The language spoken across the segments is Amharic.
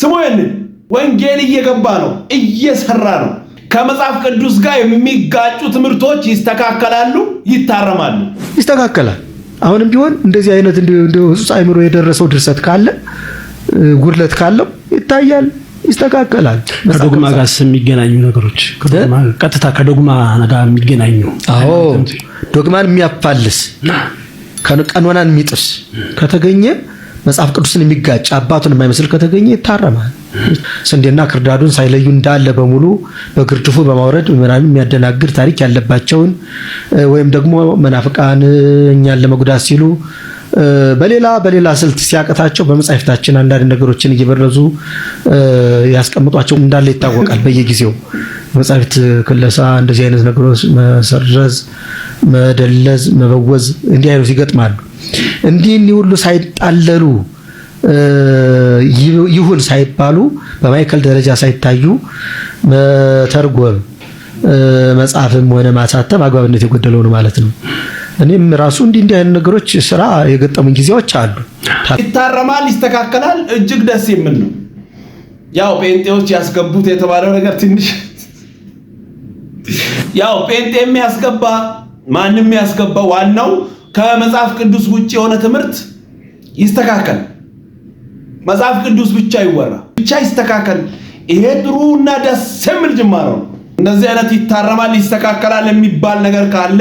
ስሙ ይህንን ወንጌል እየገባ ነው፣ እየሰራ ነው። ከመጽሐፍ ቅዱስ ጋር የሚጋጩ ትምህርቶች ይስተካከላሉ፣ ይታረማሉ። ይስተካከላል። አሁንም ቢሆን እንደዚህ አይነት ሱስ አእምሮ የደረሰው ድርሰት ካለ ጉድለት ካለው ይታያል፣ ይስተካከላል። ከዶግማ ጋር የሚገናኙ ነገሮች ቀጥታ ከዶግማ ጋር የሚገናኙ አዎ፣ ዶግማን የሚያፋልስ ቀኖናን የሚጥስ ከተገኘ መጽሐፍ ቅዱስን የሚጋጭ አባቱን የማይመስል ከተገኘ ይታረማል። ስንዴና ክርዳዱን ሳይለዩ እንዳለ በሙሉ በግርድፉ በማውረድ ምናምን የሚያደናግር ታሪክ ያለባቸውን ወይም ደግሞ መናፍቃን እኛን ለመጉዳት ሲሉ በሌላ በሌላ ስልት ሲያቅታቸው በመጻሕፍታችን አንዳንድ ነገሮችን እየበረዙ ያስቀምጧቸው እንዳለ ይታወቃል። በየጊዜው መጽሐፍት ክለሳ፣ እንደዚህ አይነት ነገሮች መሰረዝ፣ መደለዝ፣ መበወዝ እንዲህ አይነት ይገጥማሉ። እንዲህ እኒህ ሁሉ ሳይጣለሉ ይሁን ሳይባሉ በማይከል ደረጃ ሳይታዩ መተርጎም መጻፍም ሆነ ማሳተም አግባብነት የጎደለው ነው ማለት ነው። እኔም ራሱ እንዲህ እንዲህ አይነት ነገሮች ስራ የገጠሙኝ ጊዜዎች አሉ። ይታረማል፣ ይስተካከላል። እጅግ ደስ የሚል ነው። ያው ጴንጤዎች ያስገቡት የተባለው ነገር ትንሽ ያው ጴንጤ የሚያስገባ ማንም ያስገባ ዋናው ከመጽሐፍ ቅዱስ ውጭ የሆነ ትምህርት ይስተካከል። መጽሐፍ ቅዱስ ብቻ ይወራ ብቻ ይስተካከል። ይሄ እና ደስ የሚል ጅማሮ ነው። እንደዚህ አይነት ይታረማል፣ ይስተካከላል የሚባል ነገር ካለ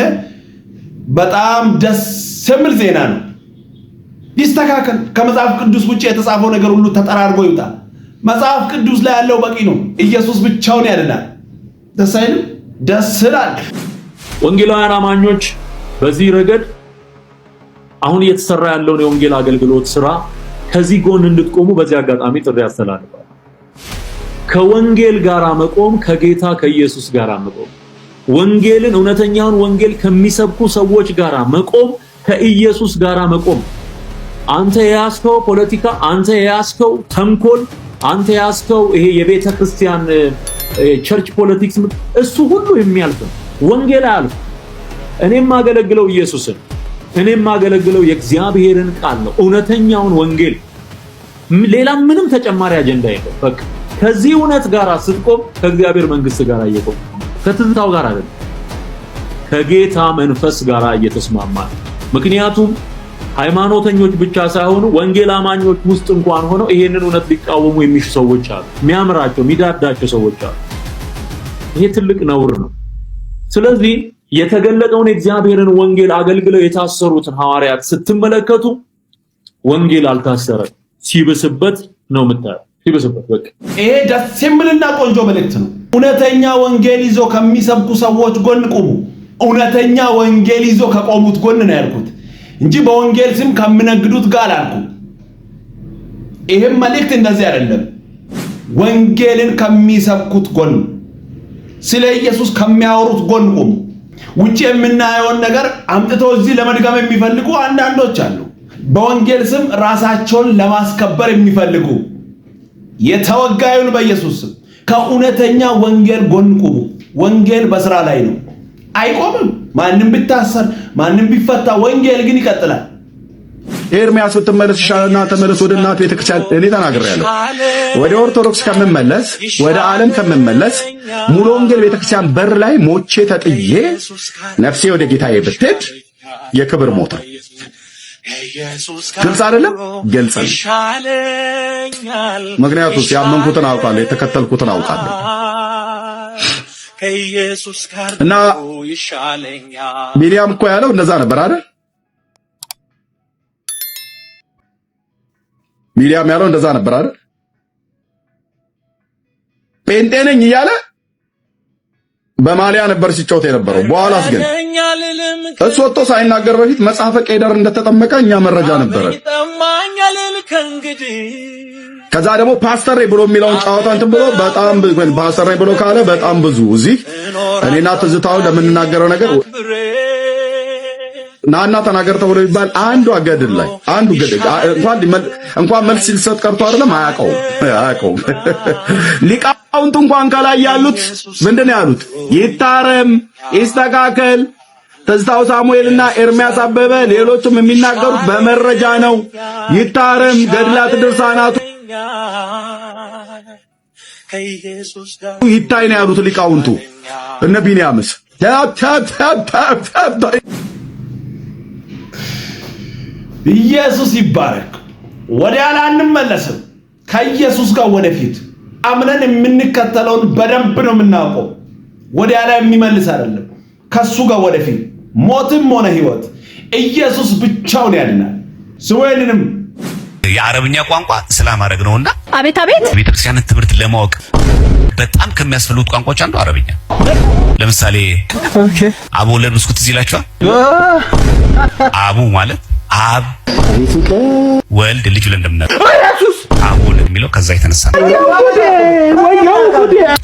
በጣም ደስ የሚል ዜና ነው። ይስተካከል። ከመጽሐፍ ቅዱስ ውጭ የተጻፈው ነገር ሁሉ ተጠራርጎ ይውጣ። መጽሐፍ ቅዱስ ላይ ያለው በቂ ነው። ኢየሱስ ብቻውን ያድናል። ደስ አይልም? ደስ ይላል። ወንጌላውያን አማኞች በዚህ ረገድ አሁን እየተሰራ ያለውን የወንጌል አገልግሎት ስራ ከዚህ ጎን እንድትቆሙ በዚህ አጋጣሚ ጥሪ ያስተላልፋል። ከወንጌል ጋር መቆም ከጌታ ከኢየሱስ ጋር መቆም ወንጌልን እውነተኛውን ወንጌል ከሚሰብኩ ሰዎች ጋር መቆም ከኢየሱስ ጋር መቆም። አንተ የያዝከው ፖለቲካ፣ አንተ የያዝከው ተንኮል፣ አንተ የያዝከው ይሄ የቤተ ክርስቲያን ቸርች ፖለቲክስ፣ እሱ ሁሉ የሚያልፍ ወንጌል አያልፍ። እኔም አገለግለው ኢየሱስን እኔ የማገለግለው የእግዚአብሔርን ቃል ነው፣ እውነተኛውን ወንጌል። ሌላ ምንም ተጨማሪ አጀንዳ የለም። በቃ ከዚህ እውነት ጋር ስትቆም ከእግዚአብሔር መንግስት ጋር እየቆም ከትዝታው ጋር አይደለም፣ ከጌታ መንፈስ ጋር እየተስማማ ምክንያቱም ሃይማኖተኞች ብቻ ሳይሆኑ ወንጌል አማኞች ውስጥ እንኳን ሆነው ይሄንን እውነት ሊቃወሙ የሚሹ ሰዎች አሉ። የሚያምራቸው የሚዳዳቸው ሰዎች አሉ። ይሄ ትልቅ ነውር ነው። ስለዚህ የተገለጠውን የእግዚአብሔርን ወንጌል አገልግለው የታሰሩትን ሐዋርያት ስትመለከቱ ወንጌል አልታሰረም፣ ሲብስበት ነው የምታየው። ሲብስበት በቃ ይሄ ደስ የሚልና ቆንጆ መልእክት ነው። እውነተኛ ወንጌል ይዞ ከሚሰብኩ ሰዎች ጎን ቁሙ። እውነተኛ ወንጌል ይዞ ከቆሙት ጎን ነው ያልኩት እንጂ በወንጌል ስም ከሚነግዱት ጋር አልኩ። ይህም መልእክት እንደዚህ አይደለም። ወንጌልን ከሚሰብኩት ጎን፣ ስለ ኢየሱስ ከሚያወሩት ጎን ቁሙ። ውጭ የምናየውን ነገር አምጥቶ እዚህ ለመድገም የሚፈልጉ አንዳንዶች አሉ። በወንጌል ስም ራሳቸውን ለማስከበር የሚፈልጉ የተወጋዩን በኢየሱስ ስም ከእውነተኛ ወንጌል ጎን ቁሙ። ወንጌል በስራ ላይ ነው፣ አይቆምም። ማንም ቢታሰር፣ ማንም ቢፈታ፣ ወንጌል ግን ይቀጥላል። ኤርሚያስ ብትመለስ ይሻልና ተመለስ ወደ እናት ቤተክርስቲያን። እኔ ተናግሬያለሁ። ወደ ኦርቶዶክስ ከምመለስ ወደ ዓለም ከምመለስ ሙሉ ወንጌል ቤተክርስቲያን በር ላይ ሞቼ ተጥዬ ነፍሴ ወደ ጌታዬ ብትሄድ የክብር ሞታ ግልጽ አይደለም? ግልጽ ነው። ምክንያቱም ያመንኩትን አውቃለሁ፣ የተከተልኩትን አውቃለሁ። እና ሚሪያም እኮ ያለው እንደዛ ነበር አይደል? ሚዲያም ያለው እንደዛ ነበር አይደል? ጴንጤ ነኝ እያለ በማሊያ ነበር ሲጫወት የነበረው። በኋላስ ግን እሱ ወጥቶ ሳይናገር በፊት መጽሐፈ ቄደር እንደተጠመቀ እኛ መረጃ ነበረ። ከዛ ደግሞ ፓስተሬ ብሎ የሚለውን ጨዋታ እንትን ብሎ በጣም ፓስተሬ ብሎ ካለ በጣም ብዙ እዚህ እኔና ትዝታውን ለምንናገረው ነገር ናና ተናገር ተብሎ ይባል አንዱ አገድል ላይ አንዱ ገድል እንኳን እንኳን መልስ ሲልሰጥ ቀርቶ አይደለም አያውቀውም አያውቀውም። ሊቃውንቱ እንኳን ከላይ ያሉት ምንድን ያሉት ይታረም፣ ይስተካከል። ትዝታው ሳሙኤልና ኤርሚያስ አበበ ሌሎችም የሚናገሩት በመረጃ ነው። ይታረም፣ ገድላት ድርሳናቱ ይታይ ነው ያሉት ሊቃውንቱ እነ ቢንያምስ ታ ታ ታ ታ ኢየሱስ ይባረክ። ወደ ኋላ አንመለስም። ከኢየሱስ ጋር ወደፊት አምነን የምንከተለውን በደንብ ነው የምናውቀው። ወደ ኋላ የሚመልስ አይደለም። ከሱ ጋር ወደፊት ሞትም ሆነ ህይወት ኢየሱስ ብቻውን ያድናል። ስወይንንም የአረብኛ ቋንቋ እስላም አረግ ነውና አቤት አቤት ቤተክርስቲያንን ትምህርት ለማወቅ በጣም ከሚያስፈልጉት ቋንቋዎች አንዱ አረብኛ። ለምሳሌ አቡ ለብስኩት እዚህ ይላችኋል። አቡ ማለት አብ ወልድ ልጅ ብለን እንደምናል አሁን የሚለው ከዛ የተነሳ ነው።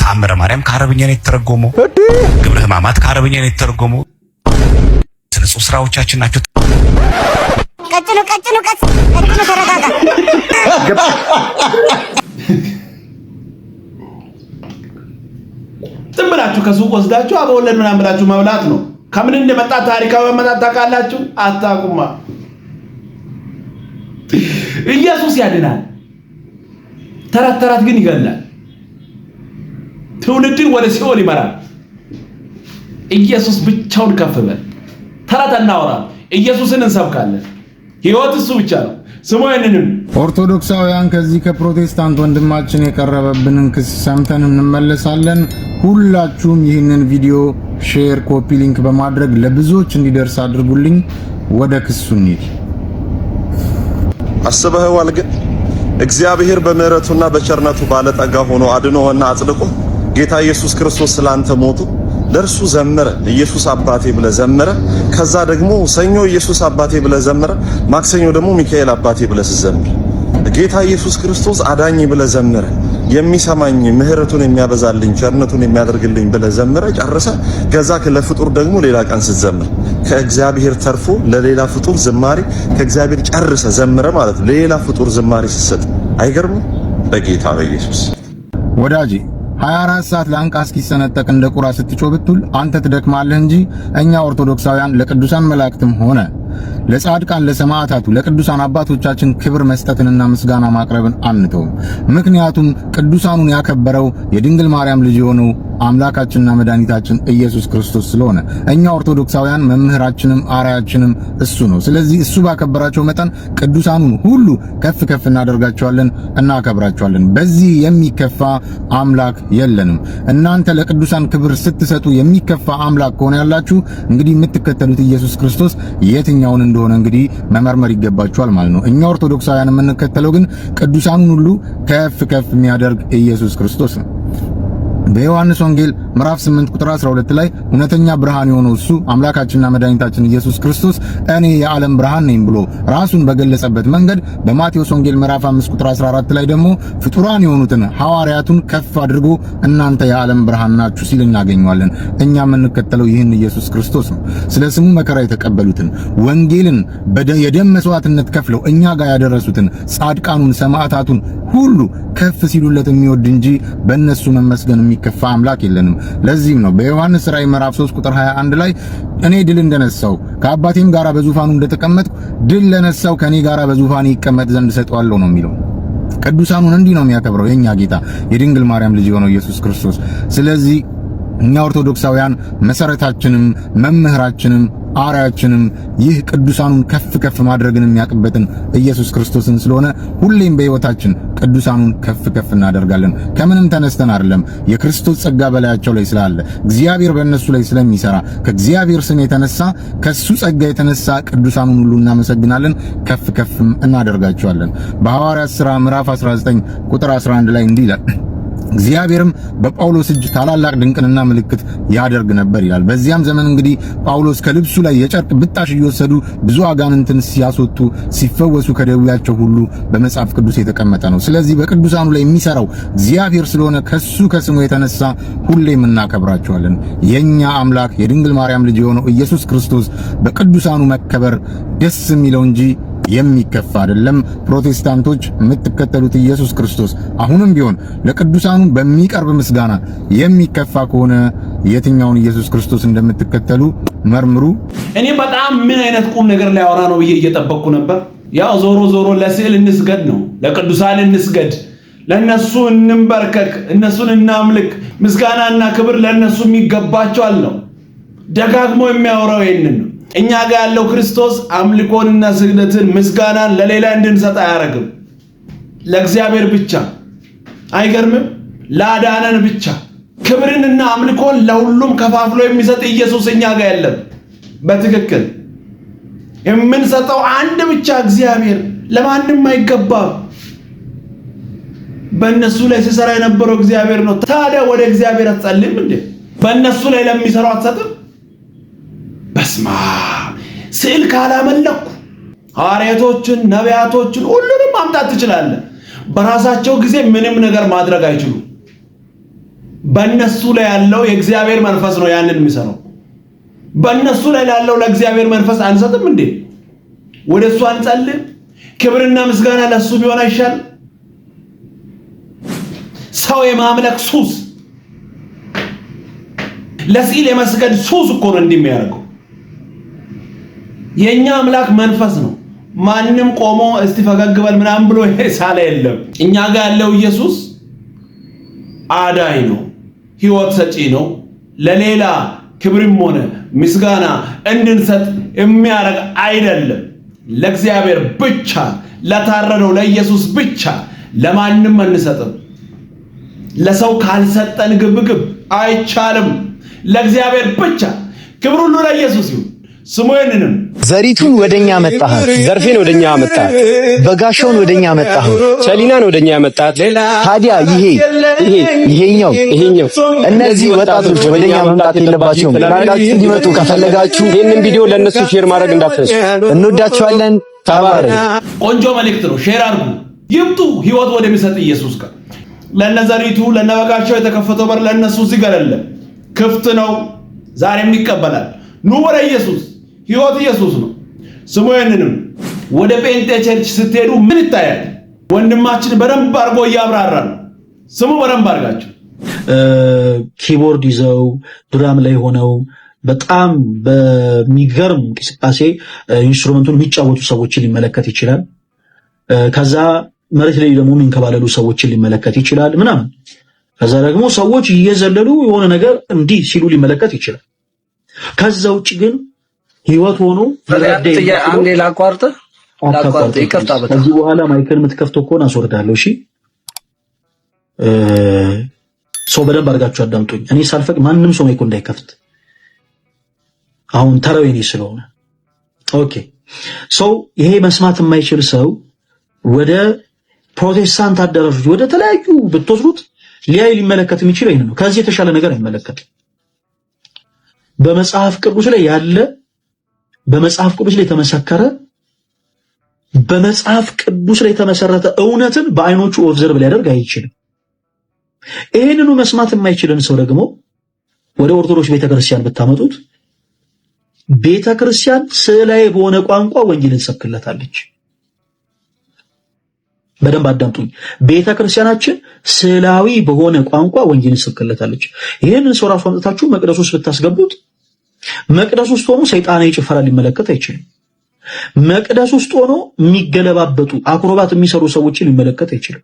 ታምረ ማርያም ከአረብኛ ነው የተተረጎመው። ግብረ ሕማማት ከአረብኛ ነው የተተረጎመው። ስነ ጽሑፍ ስራዎቻችን ናቸው። ቀጭኑ ቀጭኑ ቀጭኑ ተረጋጋ። ዝም ብላችሁ ከሱቅ ወስዳችሁ አበወለድ ምናምን ብላችሁ መብላት ነው። ከምን እንደመጣ ታሪካዊ መጣት ታውቃላችሁ? አታውቁማ። ኢየሱስ ያድናል። ተረት ተረት ግን ይገላል። ትውልድን ወደ ሲኦል ይመራል። ኢየሱስ ብቻውን ከፍ በል። ተረት እናወራም፣ ኢየሱስን እንሰብካለን። ህይወት እሱ ብቻ ነው። ስሙንንም ኦርቶዶክሳውያን ከዚህ ከፕሮቴስታንት ወንድማችን የቀረበብንን ክስ ሰምተን እንመለሳለን። ሁላችሁም ይህንን ቪዲዮ ሼር፣ ኮፒ ሊንክ በማድረግ ለብዙዎች እንዲደርስ አድርጉልኝ። ወደ ክሱ እንሂድ። አስበህዋል? ግን እግዚአብሔር በምሕረቱና በቸርነቱ ባለጠጋ ሆኖ አድኖህና አጽድቆ ጌታ ኢየሱስ ክርስቶስ ስላንተ ሞቱ ለእርሱ ዘምረ ኢየሱስ አባቴ ብለ ዘምረ። ከዛ ደግሞ ሰኞ ኢየሱስ አባቴ ብለ ዘምረ። ማክሰኞ ደግሞ ሚካኤል አባቴ ብለ ስዘምር ጌታ ኢየሱስ ክርስቶስ አዳኝ ብለ ዘምረ። የሚሰማኝ ምህረቱን የሚያበዛልኝ ቸርነቱን የሚያደርግልኝ ብለ ዘምረ ጨርሰ ከዛ ለፍጡር ደግሞ ሌላ ቀን ስትዘምር ከእግዚአብሔር ተርፎ ለሌላ ፍጡር ዝማሬ ከእግዚአብሔር ጨርሰ ዘምረ ማለት ነው። ሌላ ፍጡር ዝማሬ ስትሰጥ አይገርምም በጌታ በኢየሱስ ወዳጄ 24 ሰዓት ለአንቃ እስኪሰነጠቅ እንደ ቁራ ስትጮህ ብትውል አንተ ትደክማለህ እንጂ እኛ ኦርቶዶክሳውያን ለቅዱሳን መላእክትም ሆነ ለጻድቃን ለሰማዕታቱ፣ ለቅዱሳን አባቶቻችን ክብር መስጠትንና ምስጋና ማቅረብን አንተውም። ምክንያቱም ቅዱሳኑን ያከበረው የድንግል ማርያም ልጅ የሆነው አምላካችንና መድኃኒታችን ኢየሱስ ክርስቶስ ስለሆነ እኛ ኦርቶዶክሳውያን መምህራችንም አራያችንም እሱ ነው። ስለዚህ እሱ ባከበራቸው መጠን ቅዱሳኑን ሁሉ ከፍ ከፍ እናደርጋቸዋለን፣ እናከብራቸዋለን። በዚህ የሚከፋ አምላክ የለንም። እናንተ ለቅዱሳን ክብር ስትሰጡ የሚከፋ አምላክ ከሆነ ያላችሁ እንግዲህ የምትከተሉት ኢየሱስ ክርስቶስ የትኛውን እንደሆነ እንግዲህ መመርመር ይገባችኋል ማለት ነው። እኛ ኦርቶዶክሳውያን የምንከተለው ግን ቅዱሳኑን ሁሉ ከፍ ከፍ የሚያደርግ ኢየሱስ ክርስቶስ ነው። በዮሐንስ ወንጌል ምዕራፍ 8 ቁጥር 12 ላይ እውነተኛ ብርሃን የሆነው እሱ አምላካችንና መድኃኒታችን ኢየሱስ ክርስቶስ እኔ የዓለም ብርሃን ነኝ ብሎ ራሱን በገለጸበት መንገድ በማቴዎስ ወንጌል ምዕራፍ 5 ቁጥር 14 ላይ ደግሞ ፍጡራን የሆኑትን ሐዋርያቱን ከፍ አድርጎ እናንተ የዓለም ብርሃን ናችሁ ሲል እናገኘዋለን። እኛ የምንከተለው ይህን ኢየሱስ ክርስቶስ ነው። ስለ ስሙ መከራ የተቀበሉትን ወንጌልን የደም መስዋዕትነት ከፍለው እኛ ጋር ያደረሱትን ጻድቃኑን ሰማዕታቱን ሁሉ ከፍ ሲሉለት የሚወድ እንጂ በእነሱ መመስገን የማይከፋ አምላክ የለንም። ለዚህም ነው በዮሐንስ ራእይ ምዕራፍ 3 ቁጥር 21 ላይ እኔ ድል እንደነሳው ከአባቴም ጋራ በዙፋኑ እንደተቀመጥኩ ድል ለነሳው ከኔ ጋራ በዙፋኑ ይቀመጥ ዘንድ ሰጠዋለሁ ነው የሚለው። ቅዱሳኑን እንዲህ ነው የሚያከብረው የኛ ጌታ የድንግል ማርያም ልጅ የሆነው ኢየሱስ ክርስቶስ። ስለዚህ እኛ ኦርቶዶክሳውያን መሰረታችንም መምህራችንም አርያችንን ይህ ቅዱሳኑን ከፍ ከፍ ማድረግን የሚያውቅበትን ኢየሱስ ክርስቶስን ስለሆነ ሁሌም በሕይወታችን ቅዱሳኑን ከፍ ከፍ እናደርጋለን። ከምንም ተነስተን አይደለም። የክርስቶስ ጸጋ በላያቸው ላይ ስላለ እግዚአብሔር በእነሱ ላይ ስለሚሰራ ከእግዚአብሔር ስም የተነሳ ከሱ ጸጋ የተነሳ ቅዱሳኑን ሁሉ እናመሰግናለን፣ ከፍ ከፍም እናደርጋቸዋለን። በሐዋርያት ሥራ ምዕራፍ 19 ቁጥር 11 ላይ እንዲህ ይላል እግዚአብሔርም በጳውሎስ እጅ ታላላቅ ድንቅንና ምልክት ያደርግ ነበር ይላል። በዚያም ዘመን እንግዲህ ጳውሎስ ከልብሱ ላይ የጨርቅ ብጣሽ እየወሰዱ ብዙ አጋንንትን ሲያስወጡ ሲፈወሱ ከደዌያቸው ሁሉ በመጽሐፍ ቅዱስ የተቀመጠ ነው። ስለዚህ በቅዱሳኑ ላይ የሚሰራው እግዚአብሔር ስለሆነ ከሱ ከስሙ የተነሳ ሁሌም እናከብራቸዋለን። የኛ አምላክ የድንግል ማርያም ልጅ የሆነው ኢየሱስ ክርስቶስ በቅዱሳኑ መከበር ደስ የሚለው እንጂ የሚከፋ አይደለም። ፕሮቴስታንቶች የምትከተሉት ኢየሱስ ክርስቶስ አሁንም ቢሆን ለቅዱሳኑ በሚቀርብ ምስጋና የሚከፋ ከሆነ የትኛውን ኢየሱስ ክርስቶስ እንደምትከተሉ መርምሩ። እኔ በጣም ምን አይነት ቁም ነገር ሊያወራ ነው ብዬ እየጠበቅኩ ነበር። ያው ዞሮ ዞሮ ለስዕል እንስገድ ነው፣ ለቅዱሳን እንስገድ፣ ለነሱ እንንበርከክ፣ እነሱን እናምልክ፣ ምስጋናና ክብር ለነሱ የሚገባቸዋል ነው። ደጋግሞ የሚያወራው ይህንን ነው። እኛ ጋር ያለው ክርስቶስ አምልኮንና ስግደትን ምስጋናን ለሌላ እንድንሰጥ አያደርግም። ለእግዚአብሔር ብቻ አይገርምም? ለአዳነን ብቻ ክብርንና አምልኮን ለሁሉም ከፋፍሎ የሚሰጥ ኢየሱስ እኛ ጋር የለም። በትክክል የምንሰጠው አንድ ብቻ እግዚአብሔር፣ ለማንም አይገባም። በእነሱ ላይ ሲሰራ የነበረው እግዚአብሔር ነው። ታዲያ ወደ እግዚአብሔር አትጸልይም እንዴ? በእነሱ ላይ ለሚሰራው አትሰጥም? አስማ ስዕል ካላመለኩ ሐዋርያቶችን ነቢያቶችን ሁሉንም ማምጣት ትችላለህ። በራሳቸው ጊዜ ምንም ነገር ማድረግ አይችሉም። በእነሱ ላይ ያለው የእግዚአብሔር መንፈስ ነው ያንን የሚሰራው። በእነሱ ላይ ላለው ለእግዚአብሔር መንፈስ አንሰጥም እንዴ? ወደ እሱ አንጸልም? ክብርና ምስጋና ለእሱ ቢሆን አይሻል? ሰው የማምለክ ሱስ፣ ለስዕል የመስገድ ሱስ እኮ ነው እንዲህ የሚያደርገው የኛ አምላክ መንፈስ ነው። ማንም ቆሞ እስቲ ፈገግ በል ምናምን ብሎ ሳለ የለም። እኛ ጋር ያለው ኢየሱስ አዳኝ ነው፣ ህይወት ሰጪ ነው። ለሌላ ክብርም ሆነ ምስጋና እንድንሰጥ የሚያደርግ አይደለም። ለእግዚአብሔር ብቻ ለታረደው ለኢየሱስ ብቻ ለማንም አንሰጥም። ለሰው ካልሰጠን ግብግብ አይቻልም። ለእግዚአብሔር ብቻ ክብር ሁሉ ለኢየሱስ ይሁን ስሙ ይንንም ዘሪቱን ወደኛ መጣህ፣ ዘርፌን ወደኛ መጣሃት፣ በጋሻውን ወደኛ መጣሃት፣ ቸሊናን ወደኛ መጣሃት። ታዲያ ይሄ ይሄ ይሄኛው ይሄኛው እነዚህ ወጣቶች ወደኛ መምጣት የለባቸውም። ላንዳችሁ እንዲመጡ ከፈለጋችሁ ይሄንን ቪዲዮ ለእነሱ ሼር ማድረግ እንዳትረሱ። እንወዳችኋለን። ተባረ ቆንጆ መልእክት ነው። ሼር አድርጉ፣ ይምጡ ህይወት ወደሚሰጥ ኢየሱስ ጋር። ለነዘሪቱ ለነበጋሻው የተከፈተው በር ለነሱ እዚህ ጋር ክፍት ነው። ዛሬም ይቀበላል። ኑ ወደ ኢየሱስ ህይወት ኢየሱስ ነው ስሙ። ይህንንም ወደ ጴንጤ ቸርች ስትሄዱ ምን ይታያል? ወንድማችን በደንብ አድርጎ እያብራራ ነው። ስሙ በደንብ አድርጋችሁ። ኪቦርድ ይዘው ድራም ላይ ሆነው በጣም በሚገርም እንቅስቃሴ ኢንስትሩመንቱን የሚጫወቱ ሰዎችን ሊመለከት ይችላል። ከዛ መሬት ላይ ደግሞ የሚንከባለሉ ሰዎችን ሊመለከት ይችላል ምናምን። ከዛ ደግሞ ሰዎች እየዘለሉ የሆነ ነገር እንዲህ ሲሉ ሊመለከት ይችላል። ከዛ ውጭ ግን ህይወት ሆኖ አንዴ ላቋርጥ ላቋርጥ፣ ይቅርታ። በጣም ከዚህ በኋላ ማይክል የምትከፍተው ከሆነ አስወርዳለሁ። እሺ ሰው በደንብ አድርጋችሁ አዳምጡኝ። እኔ ሳልፈቅ ማንም ሰው ማይኩ እንዳይከፍት አሁን ተራው የኔ ስለሆነ ኦኬ። ሰው ይሄ መስማት የማይችል ሰው ወደ ፕሮቴስታንት አዳራሾች ወደ ተለያዩ ብትወስዱት ሊያይ ሊመለከት የሚችል ይሄን ነው። ከዚህ የተሻለ ነገር አይመለከትም። በመጽሐፍ ቅዱስ ላይ ያለ በመጽሐፍ ቅዱስ ላይ የተመሰከረ በመጽሐፍ ቅዱስ ላይ የተመሰረተ እውነትን በአይኖቹ ኦብዘርቭ ሊያደርግ አይችልም። ይህንኑ መስማት የማይችልን ሰው ደግሞ ወደ ኦርቶዶክስ ቤተክርስቲያን ብታመጡት ቤተክርስቲያን ስዕላዊ በሆነ ቋንቋ ወንጌል ሰብክለታለች። በደንብ አዳምጡኝ። ቤተክርስቲያናችን ስዕላዊ በሆነ ቋንቋ ወንጌል ሰብክለታለች። ይህንን ሰው ራሱ አምጥታችሁ መቅደሱ ውስጥ ብታስገቡት መቅደስ ውስጥ ሆኖ ሰይጣን ጭፈራ ሊመለከት አይችልም። መቅደስ ውስጥ ሆኖ የሚገለባበጡ አክሮባት የሚሰሩ ሰዎችን ሊመለከት አይችልም።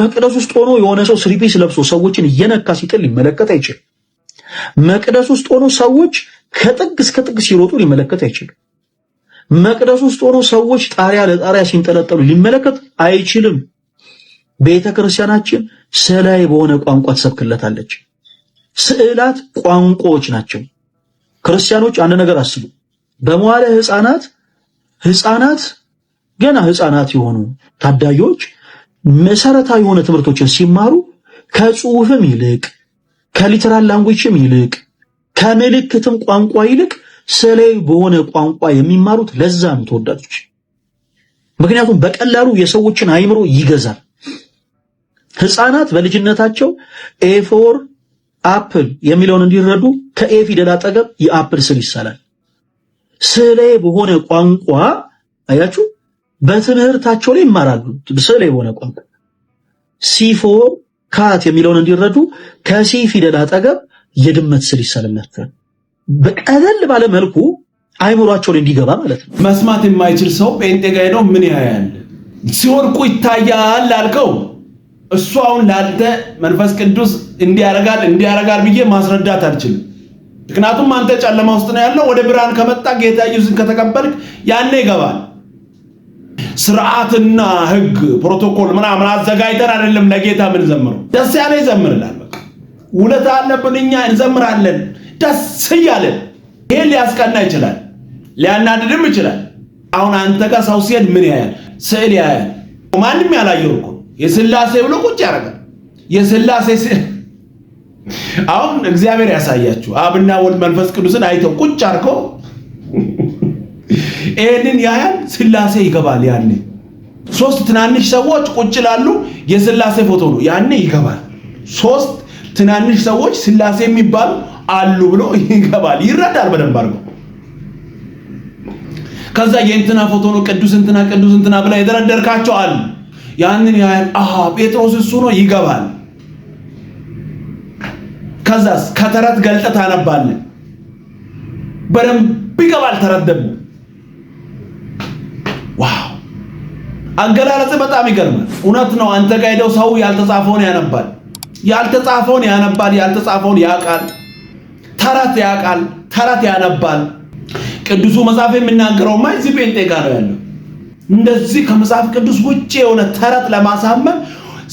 መቅደስ ውስጥ ሆኖ የሆነ ሰው ስሪፒስ ለብሶ ሰዎችን እየነካ ሲጥል ሊመለከት አይችልም። መቅደስ ውስጥ ሆኖ ሰዎች ከጥግ እስከ ጥግ ሲሮጡ ሊመለከት አይችልም። መቅደስ ውስጥ ሆኖ ሰዎች ጣሪያ ለጣሪያ ሲንጠለጠሉ ሊመለከት አይችልም። ቤተ ክርስቲያናችን ስዕላዊ በሆነ ቋንቋ ትሰብክለታለች። ስዕላት ቋንቋዎች ናቸው። ክርስቲያኖች አንድ ነገር አስቡ። በመዋለ ህፃናት ህፃናት ገና ህፃናት የሆኑ ታዳጊዎች መሰረታዊ የሆነ ትምህርቶችን ሲማሩ ከጽሁፍም ይልቅ ከሊተራል ላንጉጅም ይልቅ ከምልክትም ቋንቋ ይልቅ ስለይ በሆነ ቋንቋ የሚማሩት ለዛ ነው ተወዳጆች። ምክንያቱም በቀላሉ የሰዎችን አይምሮ ይገዛል። ህፃናት በልጅነታቸው ኤፎር አፕል የሚለውን እንዲረዱ ከኤ ፊደል አጠገብ የአፕል ስም ይሳላል። ስዕለ በሆነ ቋንቋ አያችሁ፣ በትምህርታቸው ላይ ይማራሉ። ስዕለ በሆነ ቋንቋ ሲፎ ካት የሚለውን እንዲረዱ ከሲ ፊደል አጠገብ የድመት ስል ይሳልላቸዋል። በቀለል ባለ መልኩ አይምሯቸውን እንዲገባ ማለት ነው። መስማት የማይችል ሰው ጴንጤ ጋ ሄደው ምን ያያል? ሲወድቁ ይታያል ላልከው እሱ አሁን ለአንተ መንፈስ ቅዱስ እንዲያረጋል እንዲያረጋል ብዬ ማስረዳት አልችልም። ምክንያቱም አንተ ጨለማ ውስጥ ነው ያለው። ወደ ብርሃን ከመጣ ጌታ ኢየሱስን ከተቀበልክ ያኔ ይገባል። ስርዓትና ህግ ፕሮቶኮል ምናምን አዘጋጅተን አይደለም ለጌታ ምን ዘምረው ደስ ያለ ይዘምርላል። በቃ ውለታ አለብን እኛ እንዘምራለን ደስ እያለን። ይሄ ሊያስቀና ይችላል፣ ሊያናድድም ይችላል። አሁን አንተ ጋር ሰው ሲሄድ ምን ያያል? ስዕል ያያል። ማንም ያላየው እኮ የስላሴ ብሎ ቁጭ ያደርጋል። የስላሴ አሁን እግዚአብሔር ያሳያችሁ። አብና ወልድ መንፈስ ቅዱስን አይተው ቁጭ አድርገው ይህንን ያህል ስላሴ ይገባል። ያኔ ሶስት ትናንሽ ሰዎች ቁጭ ላሉ የስላሴ ፎቶ ነው። ያኔ ይገባል። ሶስት ትናንሽ ሰዎች ስላሴ የሚባሉ አሉ ብሎ ይገባል፣ ይረዳል በደንብ አድርገው። ከዛ የእንትና ፎቶ ነው ቅዱስ እንትና ቅዱስ እንትና ብላ የደረደርካቸው አሉ። ያንን ያህል አሃ ጴጥሮስ እሱ ነው ይገባል። ከዛስ ከተረት ገልጠ ታነባለ። በደንብ ይገባል። ተረት ደግሞ ዋው አገላለጽ በጣም ይገርማል። እውነት ነው። አንተ ጋር ሄደው ሰው ያልተጻፈውን ያነባል፣ ያልተጻፈውን ያነባል፣ ያልተጻፈውን ያውቃል፣ ተረት ያውቃል፣ ተረት ያነባል። ቅዱሱ መጽሐፍ የሚናገረውማ እዚህ ጴንጤ ጋር ነው ያለው። እንደዚህ ከመጽሐፍ ቅዱስ ውጭ የሆነ ተረት ለማሳመን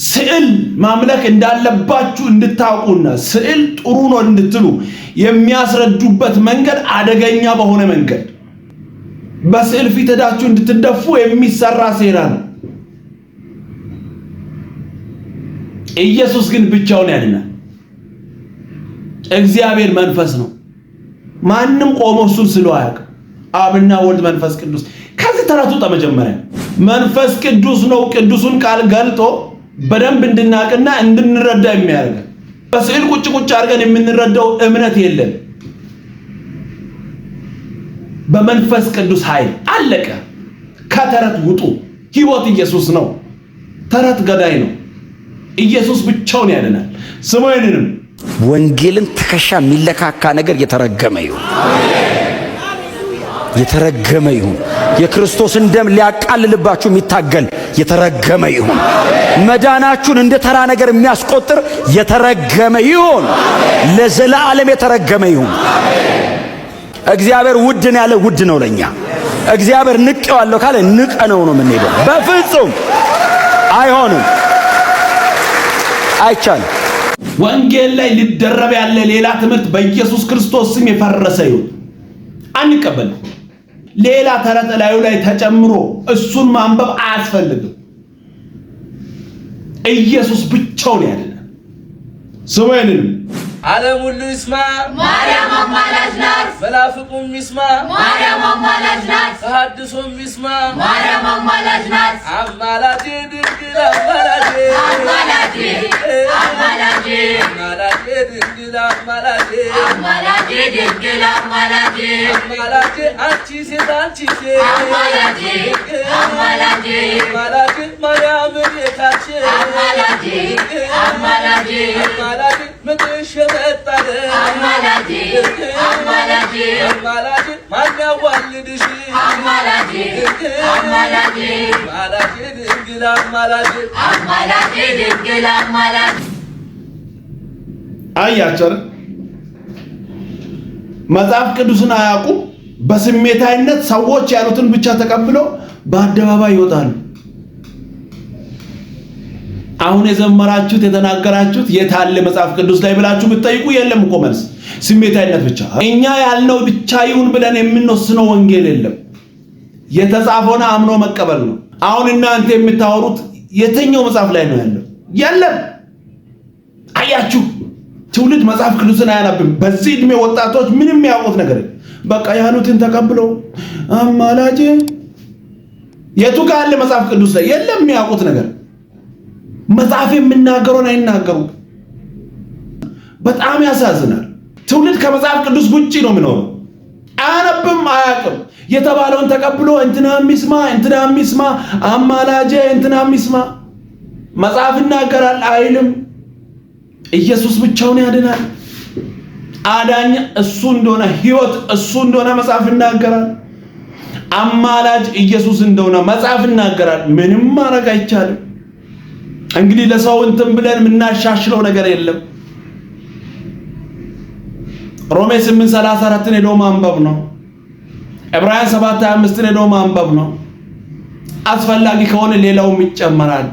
ስዕል ማምለክ እንዳለባችሁ እንድታውቁና ስዕል ጥሩ ነው እንድትሉ የሚያስረዱበት መንገድ አደገኛ በሆነ መንገድ በስዕል ፊት ሄዳችሁ እንድትደፉ የሚሰራ ሴራ ነው። ኢየሱስ ግን ብቻውን ያድናል። እግዚአብሔር መንፈስ ነው። ማንም ቆሞ እሱን ስሎ አያውቅም። አብና ወልድ መንፈስ ቅዱስ ከዚህ ተራቱ መጀመሪያ መንፈስ ቅዱስ ነው ቅዱሱን ቃል ገልጦ በደንብ እንድናቅና እንድንረዳ የሚያደርግ በስዕል ቁጭ ቁጭ አድርገን የምንረዳው እምነት የለም። በመንፈስ ቅዱስ ኃይል አለቀ። ከተረት ውጡ። ህይወት ኢየሱስ ነው። ተረት ገዳይ ነው። ኢየሱስ ብቻውን ያድናል። ስሙ ይህንንም ወንጌልን ትከሻ የሚለካካ ነገር የተረገመ ይሁን። የተረገመ ይሁን። የክርስቶስን ደም ሊያቃልልባችሁ የሚታገል የተረገመ ይሁን። መዳናችሁን እንደ ተራ ነገር የሚያስቆጥር የተረገመ ይሁን። ለዘላለም የተረገመ ይሁን። እግዚአብሔር ውድ ነው ያለ ውድ ነው ለኛ። እግዚአብሔር ንቄዋለሁ ካለ ንቀ ነው ነው የምንሄደው። በፍጹም አይሆንም፣ አይቻልም። ወንጌል ላይ ሊደረብ ያለ ሌላ ትምህርት በኢየሱስ ክርስቶስ ስም የፈረሰ ይሁን። አንቀበልም። ሌላ ተረት ላዩ ላይ ተጨምሮ እሱን ማንበብ አያስፈልግም። ኢየሱስ ብቻውን ያድናል። ስሙ ዓለም ሁሉ ይስማ ማርያም አማላጅ ናት። መላፍቁም ይስማ ማርያም አማላጅ ናት። ተሐድሶም ይስማ ማርያም አማላጅ ናት። አማላጅ ድንግል አማላጅ አማላጅ አማላጅ አማላጅ ድንግል አማላጅ አማላጅ ድንግል አማላጅ አማላጅ አንቺ ሴት አንቺ ሴት አማላጅ አማላጅ አማላጅ ማርያም ቤታችን አማላጅ አማላጅ አማላጅ ምድር አያቸር መጽሐፍ ቅዱስን አያውቁም። በስሜታዊነት ሰዎች ያሉትን ብቻ ተቀብለው በአደባባይ ይወጣሉ። አሁን የዘመራችሁት የተናገራችሁት የታለ መጽሐፍ ቅዱስ ላይ ብላችሁ ብትጠይቁ የለም እኮ መልስ። ስሜታዊነት ብቻ እኛ ያልነው ብቻ ይሁን ብለን የምንወስነው ወንጌል የለም። የተጻፈውን አምኖ መቀበል ነው። አሁን እናንተ የምታወሩት የትኛው መጽሐፍ ላይ ነው ያለው? የለም። አያችሁ፣ ትውልድ መጽሐፍ ቅዱስን አያነብም። በዚህ እድሜ ወጣቶች ምንም ያውቁት ነገር በቃ ያሉትን ተቀብለው አማላጅ የቱ ጋር መጽሐፍ ቅዱስ ላይ የለም የሚያውቁት ነገር መጽሐፍ የምናገሩን አይናገሩም። በጣም ያሳዝናል። ትውልድ ከመጽሐፍ ቅዱስ ውጭ ነው የሚኖረው። አያነብም፣ አያቅም። የተባለውን ተቀብሎ እንትና ሚስማ እንትና ሚስማ አማላጄ እንትና የሚስማ መጽሐፍ ይናገራል አይልም። ኢየሱስ ብቻውን ያድናል። አዳኝ እሱ እንደሆነ ህይወት እሱ እንደሆነ መጽሐፍ ይናገራል። አማላጅ ኢየሱስ እንደሆነ መጽሐፍ ይናገራል። ምንም ማድረግ አይቻልም። እንግዲህ ለሰው እንትን ብለን የምናሻሽለው ነገር የለም። ሮሜ 8:34ን ሄዶ ማንበብ ነው። ዕብራውያን 7:25ን ሄዶ ማንበብ ነው። አስፈላጊ ከሆነ ሌላውም ይጨመራል።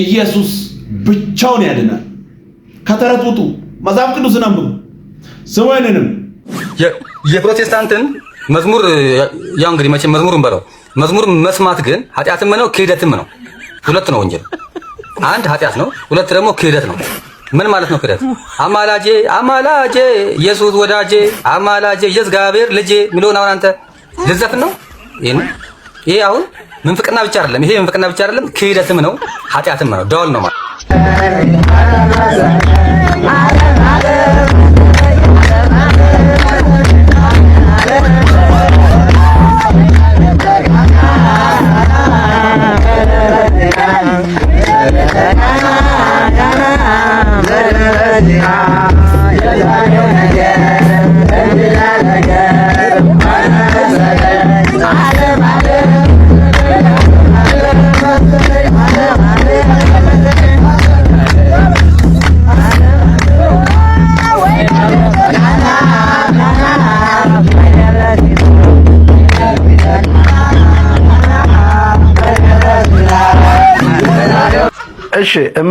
ኢየሱስ ብቻውን ያድናል። ከተረት ውጡ፣ መጽሐፍ ቅዱስን አንብቡ። ስሙንም የፕሮቴስታንትን መዝሙር ያው እንግዲህ መቼም መዝሙርን በለው መዝሙር መስማት ግን ኃጢአትም ነው ክህደትም ነው። ሁለት ነው ወንጀል፣ አንድ ኃጢአት ነው፣ ሁለት ደግሞ ክህደት ነው። ምን ማለት ነው ክህደት? አማላጄ አማላጄ ኢየሱስ ወዳጄ አማላጄ የእግዚአብሔር ልጄ የሚለውን አሁን አንተ ልዘፍን ነው። ይሄ አሁን ምንፍቅና ብቻ አይደለም፣ ይሄ ምንፍቅና ብቻ አይደለም፣ ክህደትም ነው፣ ኃጢአትም ነው፣ ደወል ነው ማለት ዳና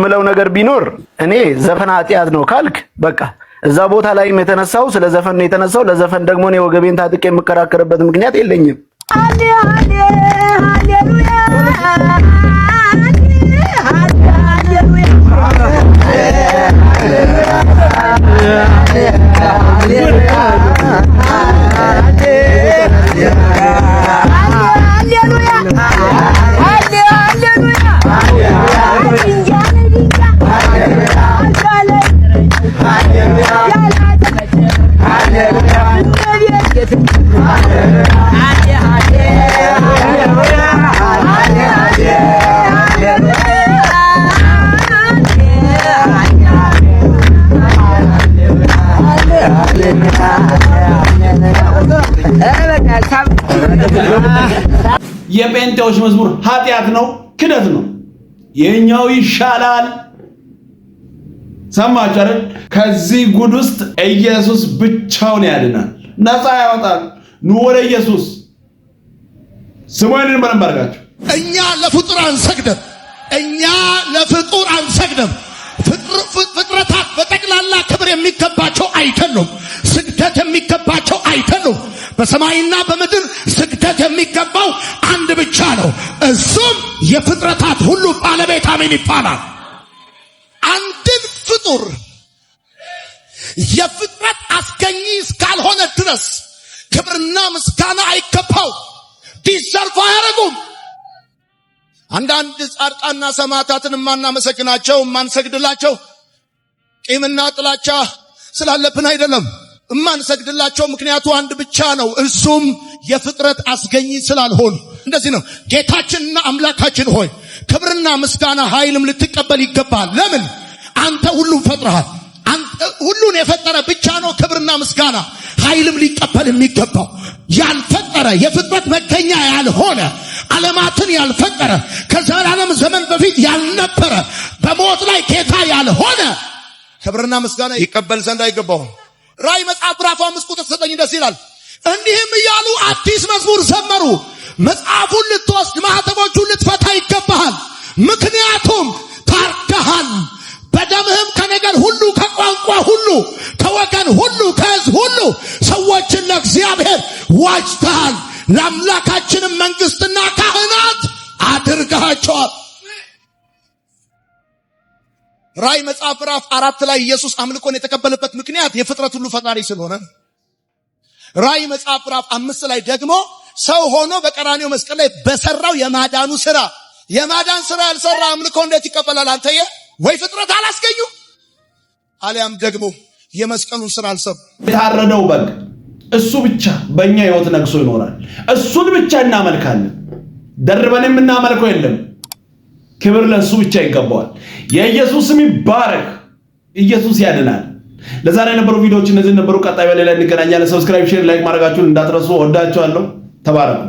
የምለው ነገር ቢኖር እኔ ዘፈን ኃጢአት ነው ካልክ በቃ እዛ ቦታ ላይም የተነሳው ስለ ዘፈን ነው የተነሳው። ለዘፈን ደግሞ እኔ ወገቤን ታጥቄ የምከራከርበት ምክንያት የለኝም። ሃሌሉያ ኃጢአት ነው፣ ክደት ነው። የኛው ይሻላል። ሰማችሁ አይደል? ከዚህ ጉድ ውስጥ ኢየሱስ ብቻውን ያድናል፣ ነፃ ያወጣል። ኑ ወደ ኢየሱስ ስሙንን በደንብ እኛ ለፍጡር አንሰግደም፣ እኛ ለፍጡር አንሰግደም። ፍጥረታት በጠቅላላ ክብር የሚገባቸው አይደሉም። ስግደት የሚገባቸው አይደሉም። በሰማይና በምድር ስግደት የሚገባው አንድ ብቻ ነው። እሱም የፍጥረታት ሁሉ ባለቤት አሜን ይባላል። አንድን ፍጡር የፍጥረት አስገኚ እስካልሆነ ድረስ ክብርና ምስጋና አይገባው፣ ዲዘርቭ አያደርጉም። አንዳንድ ጻድቃና ሰማዕታትን የማናመሰግናቸው የማንሰግድላቸው ቂምና ጥላቻ ስላለብን አይደለም። እማንሰግድላቸው ምክንያቱ አንድ ብቻ ነው፣ እርሱም የፍጥረት አስገኝ ስላልሆኑ። እንደዚህ ነው። ጌታችንና አምላካችን ሆይ ክብርና ምስጋና ኃይልም ልትቀበል ይገባል። ለምን? አንተ ሁሉን ፈጥረሃል። ሁሉን የፈጠረ ብቻ ነው ክብርና ምስጋና ኃይልም ሊቀበል የሚገባው። ያልፈጠረ የፍጥረት መገኛ ያልሆነ ዓለማትን ያልፈጠረ ከዘላለም ዘመን በፊት ያልነበረ በሞት ላይ ጌታ ያልሆነ ክብርና ምስጋና ይቀበል ዘንድ አይገባውም። ራይ መጽሐፍ ምዕራፍ አምስት ቁጥር ዘጠኝ ይላል፣ እንዲህም እያሉ አዲስ መዝሙር ዘመሩ። መጽሐፉን ልትወስድ ማኅተሞቹን ልትፈታ ይገባሃል፣ ምክንያቱም ታርደሃል። በደምህም ከነገር ሁሉ፣ ከቋንቋ ሁሉ፣ ከወገን ሁሉ፣ ከሕዝብ ሁሉ ሰዎችን ለእግዚአብሔር ዋጅተሃል፣ ለአምላካችንም መንግሥትና ካህናት አድርገሃቸዋል። ራይ መጽሐፍ ራፍ አራት ላይ ኢየሱስ አምልኮን የተቀበለበት ምክንያት የፍጥረት ሁሉ ፈጣሪ ስለሆነ ራይ መጽሐፍ ራፍ አምስት ላይ ደግሞ ሰው ሆኖ በቀራኔው መስቀል ላይ በሰራው የማዳኑ ስራ የማዳን ስራ ያልሰራ አምልኮ እንዴት ይቀበላል? አንተየ ወይ ፍጥረት አላስገኙ አሊያም ደግሞ የመስቀሉን ስራ አልሰሩ። የታረደው በግ እሱ ብቻ በእኛ ህይወት ነግሶ ይኖራል። እሱን ብቻ እናመልካለን። ደርበን የምናመልከው የለም። ክብር ለእሱ ብቻ ይገባዋል። የኢየሱስ ስም ይባረክ። ኢየሱስ ያድናል። ለዛሬ የነበሩ ቪዲዮዎች እነዚህ ነበሩ። ቀጣይ በሌላ እንገናኛለን። ሰብስክራይብ፣ ሼር፣ ላይክ ማድረጋችሁን እንዳትረሱ። ወዳችኋለሁ። ተባረኩ።